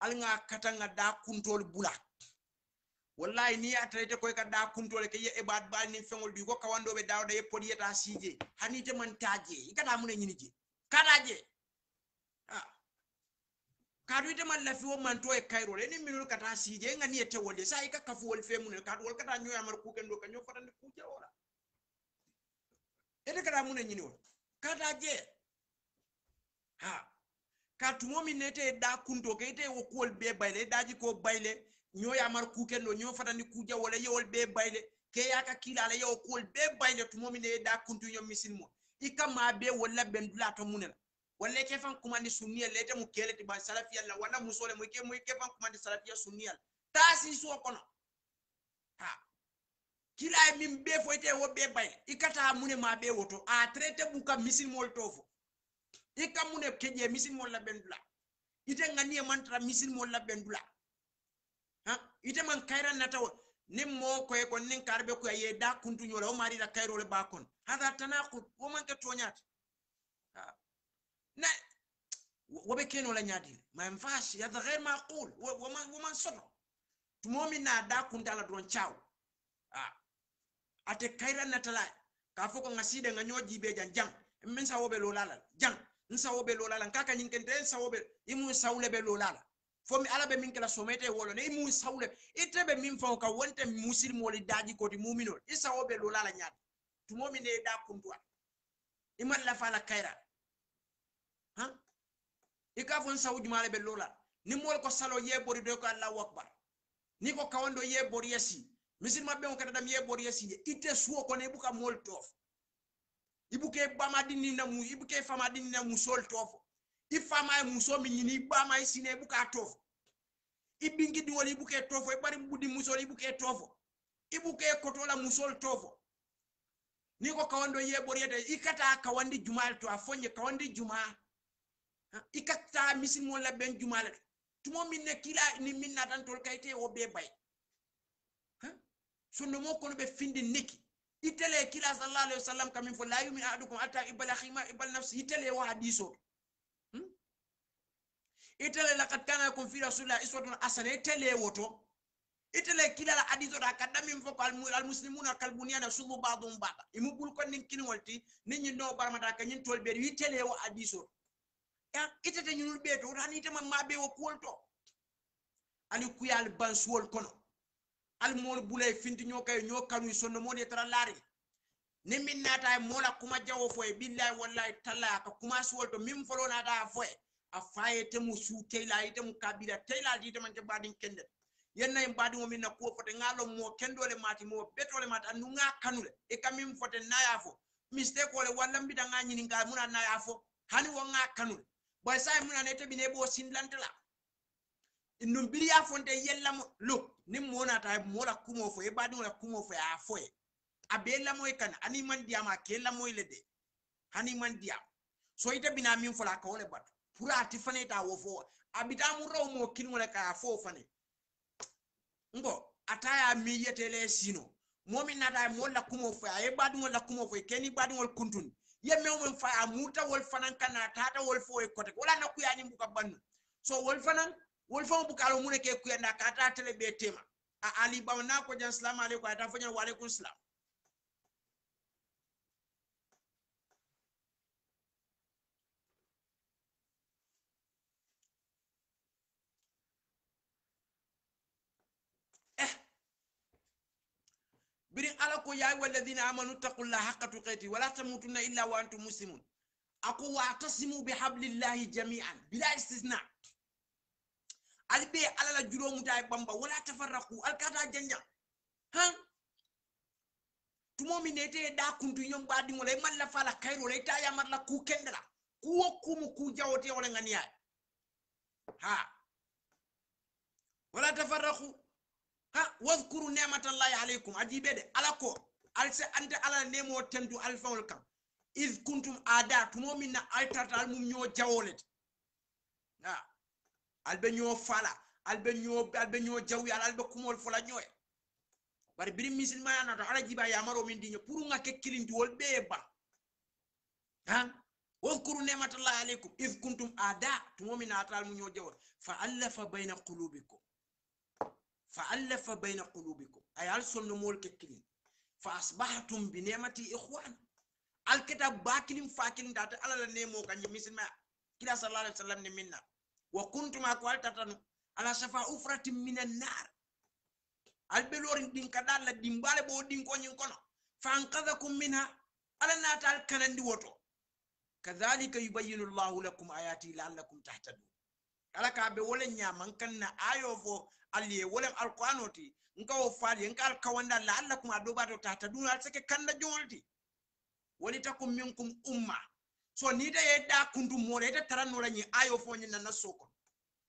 alnga nga da kuntol bula wallahi ni atrete ko ka da kuntol ke ye ebad bal ni fengol di ko kawando be dawda ye podi yeta sije hanite man taje ikata munen nyini je kadaje ah kadu de man lafi man to e kairo le ni minul kata sije ni e ya ete wolde sa ika kafu wol fe mun kadu wol kata nyu amar ku kendo nyu fatande ku je wala ete kada mun nyini wol je ha ka tumo min nete da kunto ke ite wo kuwol be bayle daji ko bayle nyo ño yamar kuken ɗo nyo fatani ku kuja wala yewol be bayle ke ya ka kila la yewo kuwol be bayle tumo min ne da kunto ñom misin mo i kamma be wala ben dula to munela wala ke fan kuma kumandi sunniyal leyte mu kele ti ba salafiya la walla musole mu ke mu ke fan kuma ni salafiya sunniya sunniyal taasi suwo kono ha kila e min be fo foyte wo be bayle ikata kata mune ma be woto a traité buka misilmol to fo e kammune keƴe misinmol labben dula ite ganniye mantata misinmol labben dula ha ite man kayran natawo nin mo koye kon nin karɓe koye ye da kuntu o kuntuñola wo marira le ba kon hada tanaqud wo manke toñate na woɓe kenola ñadile man fas yada gair maqul woman soto tumomin na da kunta kuntala doron caw ate kayran natala ka fo ko ga siide ga ñojiɓe jan jang min sa woɓe lolalal jang nsawo be lolala nkaka ñinkente nsawo be i mun sawle be lolala fomi ala be min kela somete wolo ne imu saule itebe ite min fawo ka wonte moli daji koti muminol i sawo be lolala ñaati tumo min ne da kuntuwa i man lafa la kayra ha i ka fo nsawo jumale be lolala ni mol ko salo ye bori do ko allah akbar ni ko kawando ye bori yasi misilima mabbe on dam ye bori yasi ite suwo ko ne buka mol tof ibuke bama dini na mu ibuke fama dini na musol tofo ifama e muso mi nyini bama e sine ibuka tofo ibingi di wali ibuke tofo ibari mbudi musol ibuke tofo ibuke kotola musol tofo niko kawando ye boriete ikata kawandi juma to afonye kawandi juma ikata misin mo la ben jumal tumo minne kila ni minna tan tol kayte o be bay ha sonno mo kono be findi niki itele kila sallallahu alaihi wasallam kamin fo la yumin ahadukum hatta ibal akhima ibal nafsi itele wa hadiso hmm? itele laqad kana lakum fi rasulillahi iswatun asana itele woto itele kila la hadiso da kadami fo mu al muslimuna kal bunyana subu ba'dhum ba'd imu bul kon nin kin walti nin ni no barmata ka nin tolbe be itele wa hadiso ya itete nyul be to ran itema mabe wo kolto ani kuyal ban suwol kono almol bulay finti ñoo kay ñoo kanuy sonno mo de tara laari ni min naata mola kuma jawo fo e billahi wallahi talla ka kuma suwol to min folo naata fo e a faye temu su teyla itemu kabila teyla di man te badin kende yenna en badin min na ko fote ngalo mo kendole mati mo betole mati andu nga kanule e kamim fote naya fo mistake wala walla mbita nga nyini nga muna naya fo hani wo nga kanule boy say muna ne tebi ne bo sindlantela ndum biriya fonte yella lo ni mona ta mora kumo fo e badi wala kumo fo a fo e abe la moy kan ani man diya ma ke la moy le de hani man diya so ita bina min fo la ka wala bat pura ati fane ta wo fo abita mu raw mo kin wala ka fo fane ngo ataya mi yetele sino momi nata mo la kumo fo e badi wala kumo fo keni badi wala kuntun ye mewo fa amuta wol fanan kana tata wol fo e kote wala na kuyani mbuka bannu so wol fanan wol fon bukalo mune ke kuyanda kata tele be tema a ali na ko jan salam alaikum ata fanya wa alaykum salam eh. birin ala ko ya walladhina amanu taqullaha haqqa tuqati wala tamutunna illa wa antum muslimun aku wa tasimu bihablillahi jami'an bila istisna' albe alala juromuta e bamba wala tafarraku alkata janja han tumomi nete da kuntu ba di ngole malla fala kairo le ta ya malla ku kendala ku mu ku jawote wala ngania ha wala tafarraku ha wadhkuru ni'matallahi alaykum ajibede alako alse ante ala nemo tendu alfawol kam iz kuntum ada tumomi na altata almum nyo jawolet albe ñoo fala albe ñoo albe ñoo jaw yalla albe kumol fula ñoy bari biri musulman ya nato ala jiba ya maro min dinya puru nga ke kilindi wol be ba ha واذكروا نعمة الله عليكم إذ كنتم أعداء تمومن أتال من يوجور فألف بين قلوبكم فألف بين قلوبكم أي ألسل نمول ككلين فأصبحتم بنعمة إخوان الكتاب باكلين فاكلين دات على النيمو كان يمسن ما كلا صلى الله عليه وسلم نمنا وكنتم أقوال تتنو على سفا أفرات من النار البلور دين كدال دين بالبو دين كون ينكونا فانقذكم منها على ناتال كنن دوتو كذلك يبين الله لكم آياتي لعلكم تحتدو على كابي ولا نيامن كنا آيوفو اللي ولا القرآنوتي نكو فالي نكو الكواندا لعلكم أدوباتو تحتدو لعلسك كنن جولتي ولتكم منكم أمّة so ni da yeda kundu mola yeda taranora nyi ayo fonye na na soko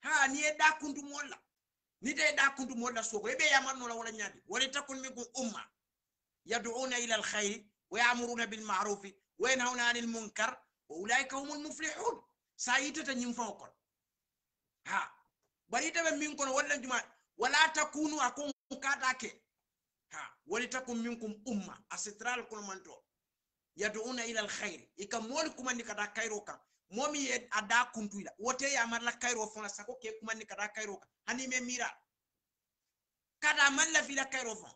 ha ni yeda kundu mola ni da yeda kundu mola soko ebe ya manola wala nyadi wala takun minkum umma yad'una ila alkhair wa ya'muruna bil ma'ruf wa yanhauna 'anil munkar wa ulaika humul muflihun sayita ta nyim fonko ha bari ta be min kono wala juma wala takunu akon kata ke ha wala takun minkum umma asitral kono manto yad'una ila alkhair ika mol kumandi kada kairo kan momi ye ada kuntuila wote ya marla kairo fona sako ke kumandi kada kairo kan hani me mira kada malla fila kairo fon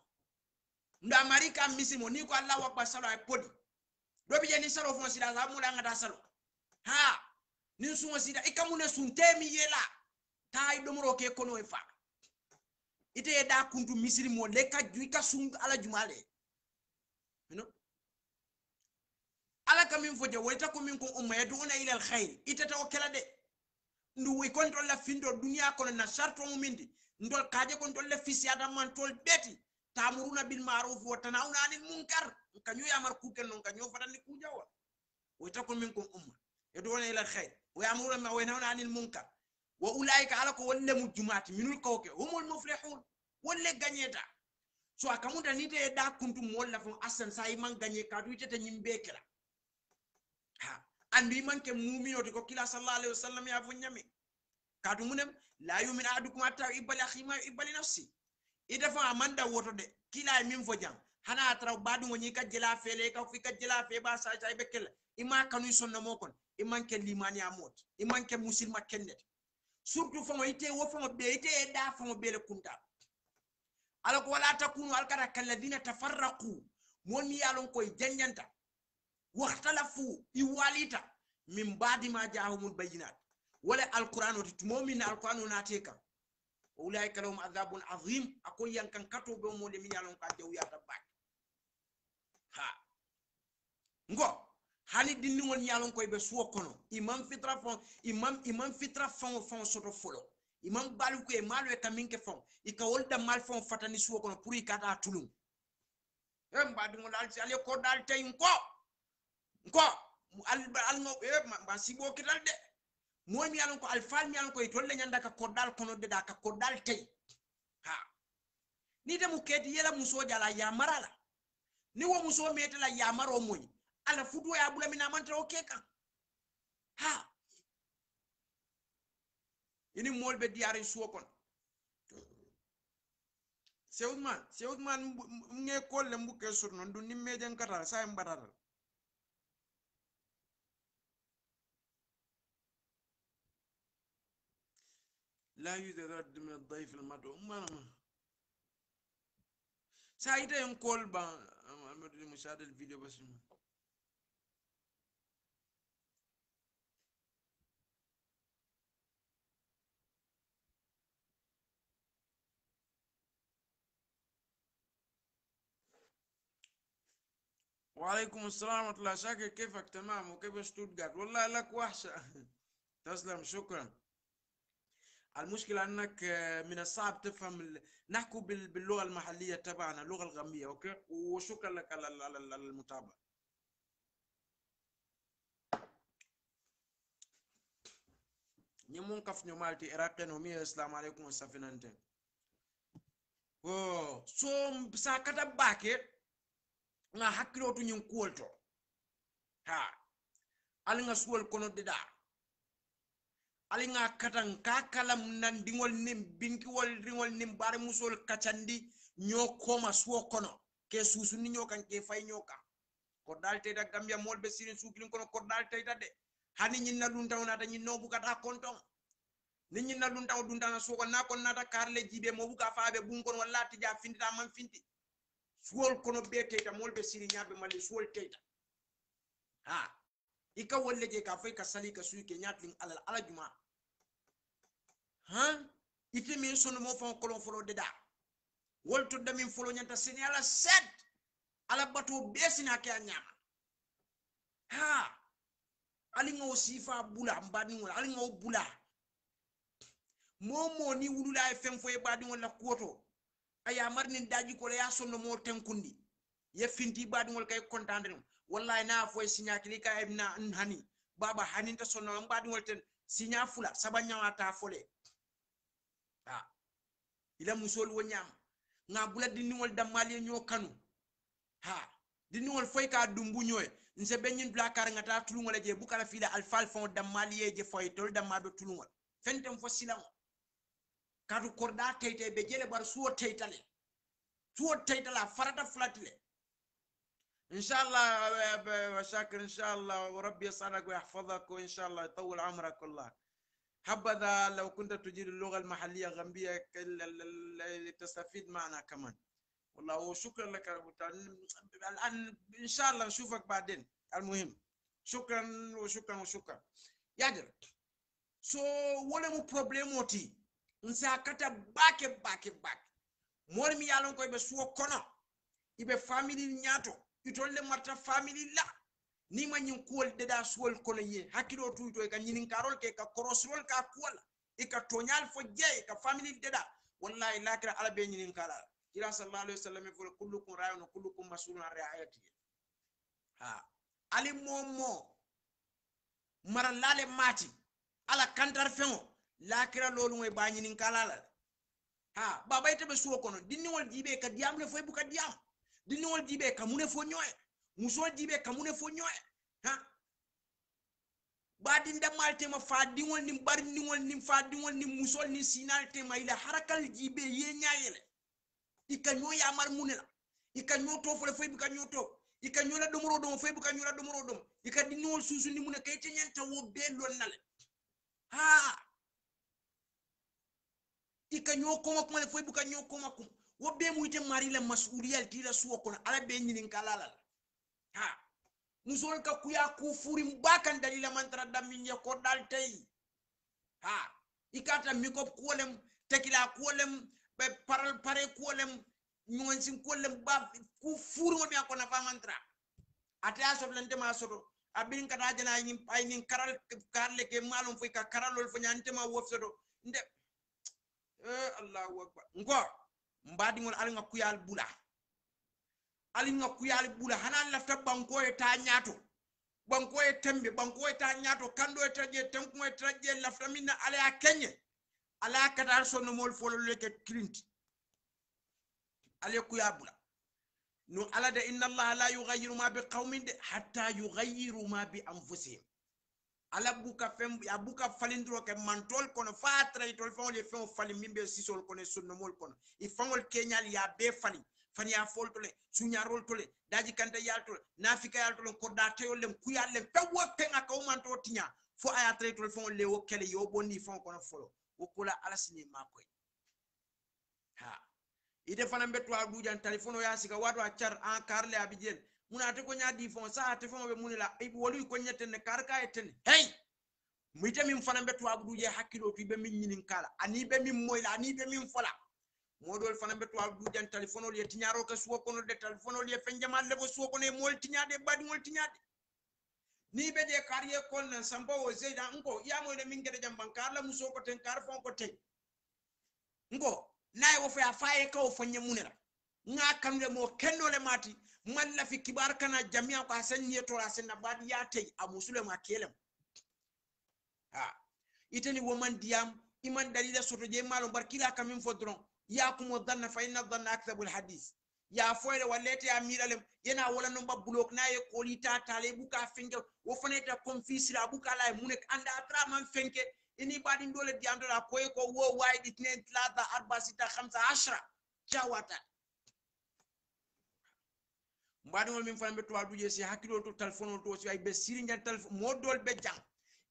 ndo amarika misimo ni ko allah wakba salo ay podi do bi jeni salo fon sida zamula ngata salo ha nin suŋo sida i kamune suntemi yela taa i domoro ke kono fa ite da kuntu misiri mo le ka ju sun ala juma you know? ala ka min fo je woyta ko min ko umma yaduna ila alkhair itata o kela de ndu wi kon la findo dunya kono na sarto mu mindi ndol kaje kon tol la fisi adam man tol beti tamuruna bil ma'ruf wa tanawna 'anil munkar kanyo ya mar ku ken non kanyo fatan ni ku jawa woyta ko min ko umma yaduna ila alkhair wa ya'muruna ma wa yanawna 'anil munkar wa ulaika alako ko walla mujumati minul kawke humul muflihun walla ganyeta so akamuda nite da kuntum walla fon asan sai man ganye kadu itata nyimbe kala andi man ke mu'minoto ko kila sallallahu alaihi wasallam ya funyame kadu munem la yumina adukum atta ibali akhima ibali nafsi idafa amanda woto de kila min fo hana atara badu ngoni ka jela fele ka fi ka jela fe ba sa sa bekel ima kanu sonna mo kon iman ke limani amot iman ke muslima kennet surtout mo ite wo mo be ite da mo be le kunta alako wala takunu alkara kalladina tafarraqu mon mi yalon koy janyanta wahtalafu iwalita min badi ma jahumul bayinat wala alquran wati tumomi na alquran na teka ulai kalum adhabun azim akoy yan kan kato mo le minyalon ka jaw ya tabak ha ngo hali dinni won nyalon koy be suwo kono imam fitra fon imam imam fitra fon fon soto folo imam balu ko e malu e kaminke fon i ka wolta mal fon fatani suwo kono puri kata tulum em badu mo dal ci ale ko dal tay ngo nko alno ba eh, sibo kital de moy mi alan ko alfal mi alan ko tolle nyanda ka koddal kono de da ka koddal tay ha ni de mu kedi yela muso jala ya marala ni wo muso metela ya maro moy ala fudu ya bula mina mantra o keka ha ini mol be diare suwo kon sewdman sewdman nge kolle mbuke sur non du nimmejen katar sa en baratal لا يوجد رد من الضيف المدعو سايدا ينقل با مشاهد الفيديو بس وعليكم السلام ورحمة الله شاكر كيفك تمام وكيف شتوتجارت والله لك وحشة تسلم شكرا المشكله انك آه، من الصعب تفهم ال... نحكوا باللغه المحليه تبعنا اللغه الغميه اوكي وشكرا لك على المتابعه نيمون كف نيومالتي إراقي نومي السلام عليكم والسفينة انت اوه سوم سا كتب باكي نحكي حكلوتو نين كولتو ها على سوال كونو ددا aliŋa nga katan ka kalam nan dingol nim binkiwol dingol nim bare musol kacandi nyo koma suwo kono ke susu ni nyokan ke fay nyoka ko dal tayda gambia be sirin sukilin kono ko dal de hani nyin na dun tawna ta nyin no bu konton ni nyin na dun taw dun tawna suwo na kon nata karle jibe mo bu ka faabe bun walla tija findita man finti suwol kono be tayda molbe sirin nyabe suwol tayda ha ika wolle ke kafai ka sali ka suyi ke nyatlin alal alajuma han ite min sunu mo fon kolon folo de da wol to da min folo nyanta sini ala set ala batu besina ke anyama ha ali ngo sifa bula mbani ngo ali ngo bula momo ni wulula e fem fo e ngo la kuoto aya marni daji ko ya sonno mo tenkundi ye finti badi ngo kay contandre wallahi na foy sinya ka ibna hani baba hani ta sonno am badi wolten sinya fula sabanya wata fole ta ila musol wonyam nga bula damal ye nyo kanu ha wol foy ka dumbu nyoy e. nse benyin dula kar nga ta tulungol je bukala fila alfal fon ye je foy tol damado tulungol fentem fo silango kadu korda teyte be jele bar suwo teytale suwo teytala farata flatile ان شاء الله شاكر ان شاء الله ورب يصانك ويحفظك وان شاء الله يطول عمرك والله حبذا لو كنت تجيد اللغه المحليه غامبيه لتستفيد معنا كمان والله وشكرا لك الان ان شاء الله نشوفك بعدين المهم شكرا وشكرا وشكرا يا so سو ولا مو بروبليموتي nsa كتا باكي باكي باكي mori يالون كوي ko كونا suwo فاميلي نياتو You told itolle marta family la ni ma nyin kuol de da suol kono ye hakilo tu to eka nyin karol ke ka korosrol ka kuola e tonyal fo je ka family de da wallahi lakira ala be nyin kala kira sallallahu alaihi wasallam fo kullukum ra'un kullukum mas'ulun an ra'ayati ha ali momo mara lale mati ala kantar fengo lakira lolum e ba nyin kala la ha baba ite be suo kono dinni wol jibe ka diamle fo e buka diamle diniŋol dibe kamune fo ñoye musol dibe kamune fo ñoye ha badin malte tema fa ni bar ni diŋol ni fa diŋol ni musol ni sinal ma ila harakal jibe ye nyaayele i ka ño yamar mune la i ka ño to fo i ka ño to i ka domoro dom fo e bi ka la domoro domo i ka diniŋol susuni mune ka ite ta wo be lol nal ha i ka ño koma kuma le fo e i ka ko ma ko wo be muite mari la masuliyal tila suwa kono ala be nyini kalala ha musol ka kuya kufuri mbakan dalila mantra dami nya ko dal tay ha ikata mikop kolem tekila kolem be paral pare kolem ñoon sin kolem ba kufuri woni ko na mantra ataya so lente ma so abin kada jana yin pay nin karal karle ke malum fu ka karalol fanyante ma wofsodo nde eh allahu akbar ngor mbadiŋol ali ŋa kuyal bula ali ŋa kuyal bula hana lafta banko ye ta ñaato banko ye tembe banko ye ta ñaato kando ye tara je tenkuŋo ye tara je lafta min na ala ye keñe ala ye katar sonnomol fololu le ke kirinti ali ye kuya bula no ala de inna allaha la yugayiru ma bi qawmin de hatta yugayiru ma bi anfusihim ala buka fem ya buka falindiro ke mantol kono fa tray tol fa le fem fali mimbe sisol kono e mol kono e fangol kenyal ya be fali fani ya foltole rol tole daji kanta yal tole nafika yal tole ko da tayol lem kuyal lem pewo penga o manto tinya fo aya tray tol fa le wo kele yo bonni fon kono folo kula wokula alasini makoy ha ide fana a dujan telefono ya siga wadu a char an karle abijen muna ate kwenye fon sa ate fon be munila ibu wali kwenye tenne karka etene hey mwite min fana be tuwabudu je hakkilo tu be min nyinin kala ani be min moyla ani be min fola modol fana be tuwabudu jan telefono le tinyaro ke suwa kono de telefono le fenjama le bo suwo kono e mol tinyade badi mol tinyade ni be je kariye kon nan sambo o zeida nko ya moyle min gede jam bankar la muso ko ten kar fon ko ten nko nay wo fa faaye ka o fanye nga kamle mo kennole mati malla fi kibar kana jami'a ko hasan ne to rasin na badi ya tai a musulun akelem ha itani woman diam iman dalila soto je malum barkila kamin fodron ya kuma danna fa inna danna aktabul hadis ya foyre walete ya miralem yena wala no babbulok na ye kolita tale buka finge wo faneta confisira buka la munek anda atra man fenke ini badin dole diandora koy ko wo waidi tnen arba sita khamsa ashra jawata mbaɗi ngol min fanaɓe towa duƴe si hakkilol to téléphone o to si ay ɓe siri jan mo dol ɓe jang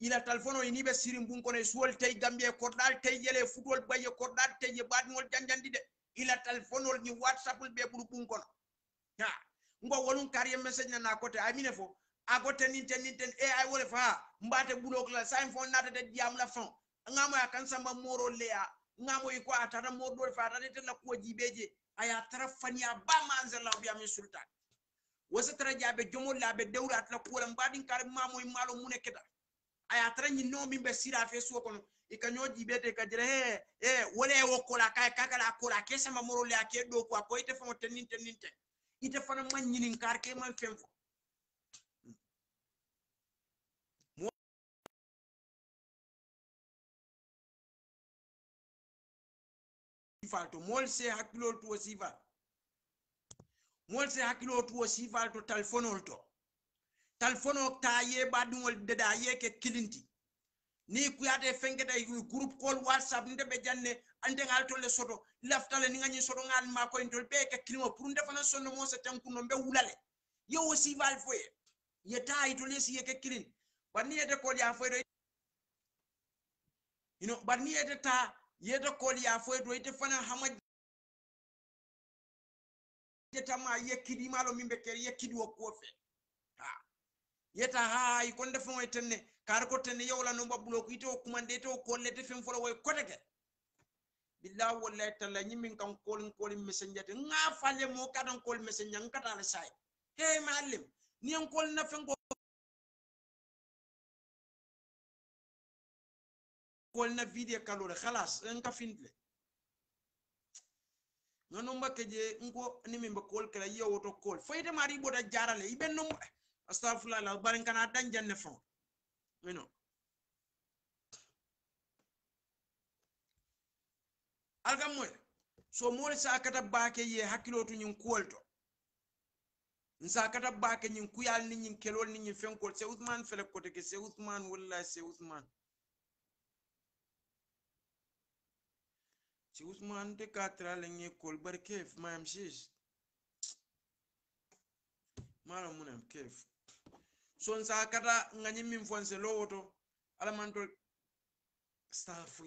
ila téléphone o ini ɓe siri mbun kono e suwol tey gambie koɗɗal tey yele futol baye koɗɗal tey ye mbaɗi ngol janjandi de ila téléphone ol ñi whatsapp l ɓe ɓuru ɓun kono ha ngo wonum kariye message nana côté amine fo ago teninten ninten e ay wole fa mbate bulokla sam fo natade diyam la fon ngamo ya kan samba moro leya ngamo iko atata mo do fa tadete na kuwa jibeje aya tara fania ba manzela bi ami sultan wasatara jaɓe jomollaɓe dewratala kuwolam mbaɗin kare mamoye maalo mune keta aya tara ñinno min ɓe sira fe suwo kono i ka ñoo jiɓete ka jira he e wala e wokkola ka kakala kola ke sama morole a ke ɗo ko a ko ite famo tennin tennin ten ite fana man ñinin kar ke man fen falto mol se wol se hakkilo tuwo sifal to talfonol to talfono ta ye baɗumol deda yeke kilinti ni kuyate fengeta group call whatsapp nde be janne andegal le soto laftale ni gañi soto gal ma koyntol ɓe ke kilimo pour nde fana sonno mo se tankuno mbe wulale yewo sival foye ye tayi tole si yeke kilin ye yete kol ya foye to you know barni yete ta yete kol ya foye to ite fana hama tetama kidi malo mimbe kere ye wo ko fe ha yeta ha ko ndefo e tenne kar ko tenne yowla no babbulo ko ito kumande ite o kollete fen folo way koteke billahi wallahi talla nyimin kan kolin kolin messenger te nga falle mo kadan kol messenger ngata la say he malim ni en kol na fen ko kol na video kalore khalas en ka findle non nomba keje nko nimi mimba kol kala yo woto kol foyte mari bota jarale ibe no astaghfirullah la barin kana dan janne fo mino alga moy so mole sa kata baake ye hakkilotu nyin kolto nsa kata baake nyin kuyal ni nyin kelol ni nyin fenkol se Uthman fele kote ke se Uthman wallahi se Uthman Si Ousmane te katra lenye kol bar kef, ma yam shish. ma la yam kef. Son sa kata nganye mim fwanse lo woto. Ala man tol.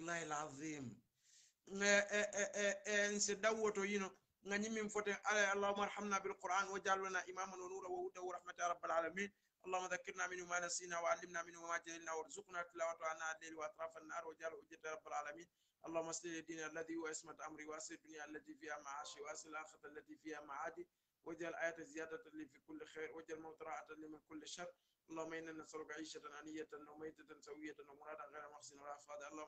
la lazim. Nga e e e e nse da woto yino. Nganye mim fote. Ala Allahumma arhamna bil Qur'an. Wajalwana imaman wa nura wa huda wa rahmata rabbil alamin. اللهم ذكرنا منه ما نسينا وعلمنا منه ما جهلنا وارزقنا تلاوته عنا الليل واطراف النهار واجعل حجه رب العالمين اللهم اسلل ديني الذي هو عصمة أمري واسر الدنيا التي فيها معاشي واسر الآخرة التي فيها معادي واجعل آية زيادة لي في كل خير واجعل موت راحة لي من كل شر اللهم إنا نسألك عيشة أنية وميتة سوية ومرادا غير محسن ولا فاضل اللهم